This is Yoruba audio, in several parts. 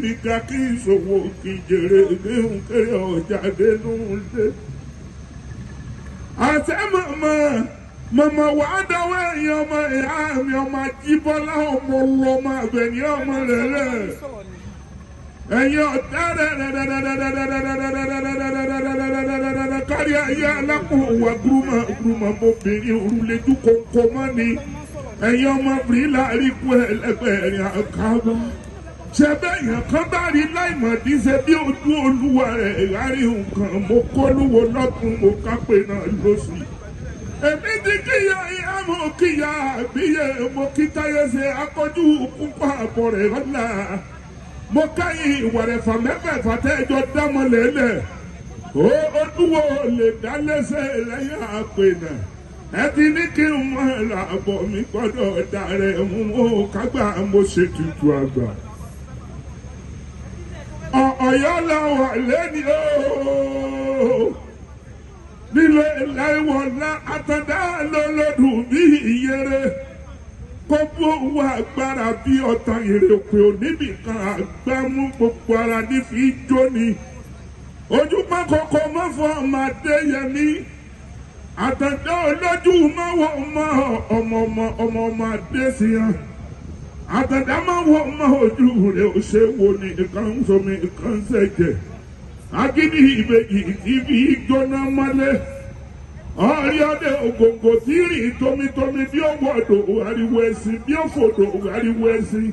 mi ga kí ìṣòwò kì í jèrè gbéhùn kéré ọjà dénú lé. àṣẹ màmá màmá wà á dánwó ẹ̀yìn ọmọ ìyá mi ọmọ Ajíbọ́lá ọmọ olú ọmọ àgbẹ̀ní ọmọ rẹ̀ rẹ̀ ẹ̀yin ọ̀tá rẹ̀ kárí ayé alákòówà gúrúmà gúrúmà mọ́bìnrin òrùlẹ́jú kọ̀ọ̀kan mọ́ni ẹ̀yin ọmọ bìrìlà rí kú ẹ̀lẹ́gbẹ̀ẹ́rin àkàbà. ṣẹbẹ èèyàn kan bá rí láìmọ̀dí ṣe bí ojú olúwa rẹ̀ ìrárí nǹkan mo kólúwo lọ́tún mo náà lóṣù. èmi ti kíyà ìyá mo kíyà àbíyẹ mo kí táyé ṣe akọjú púpọ̀ àbọ̀ rẹ̀ mo káyìn ìwà rẹ̀ ó lè dá lẹ́sẹ̀ lẹ́yìn àpè náà ẹ ti ní kí n mi gbọ́dọ̀ dà rẹ̀ mú mo ọ̀yọ́lá wà lẹ́ni ooo nílé láìwọ̀lá àtàdá lọ́lọ́dún bí ìyẹrẹ kókó wà agbára bí ọ̀tá ìrèpè oníbìkan àgbámú gbogbo ara ní fi jóni ojúmọ́ kọ̀ọ̀kan mọ́fọ́ ọmọdé yẹmí àtàdá olójú mọ́wọ́ ọmọ ọmọ ọmọ ọmọ ọmọ adé sí yẹn. Adadama ma mma ma oju hu de ɔhyɛ wɔ ne nkan so me nkan sɛ kyɛ. Agidi ibe yi ibi idɔ na ma lɛ. Ɔrìa de ogongo tiri tomitomi bi ɔbɔ do ariwo esi bi ɔfo do ariwo esi.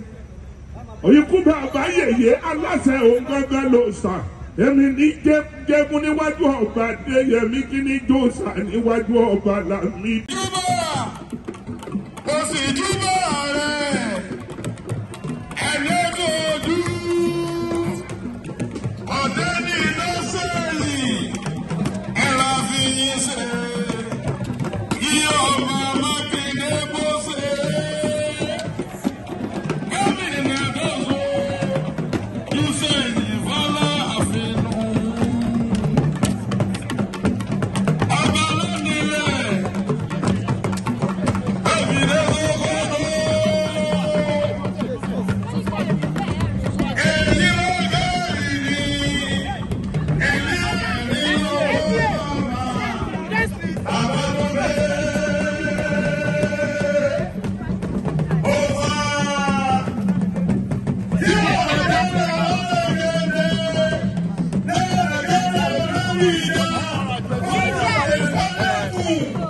Oyiku yeye alasɛ ogbagba lo sa. Emi ni niwaju ɔba de yemi kini jo sa niwaju ɔba la mi. Juba! Kosi Juba!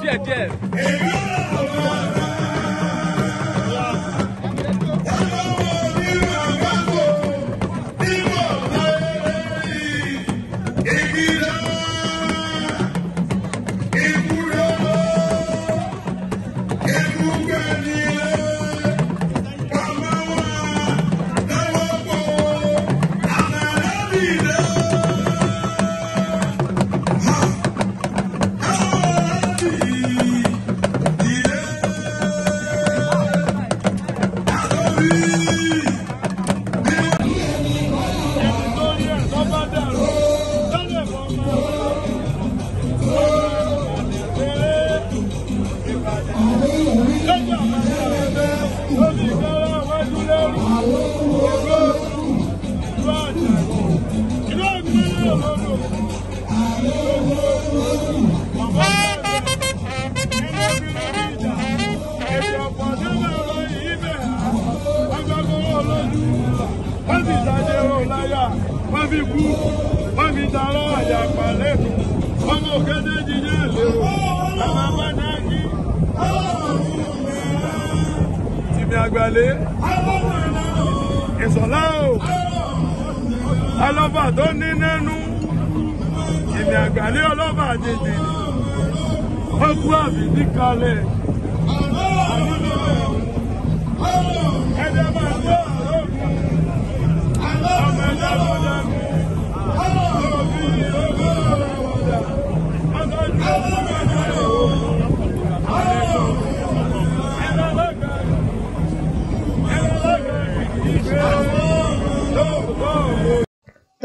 Yeah, yeah. wọ́n fi kú wọ́n fi darọ́ àjàpá lẹ́nu ọmọ òkété jíjẹ́ èlé o bàbá bá náà kí. tìmí àgbàlẹ́ ìsọ̀lá o ọlọ́ba tó ní nẹ́nu tìmí àgbàlẹ́ ọlọ́ba àjèjì ọkùnrin àbí níkalẹ̀.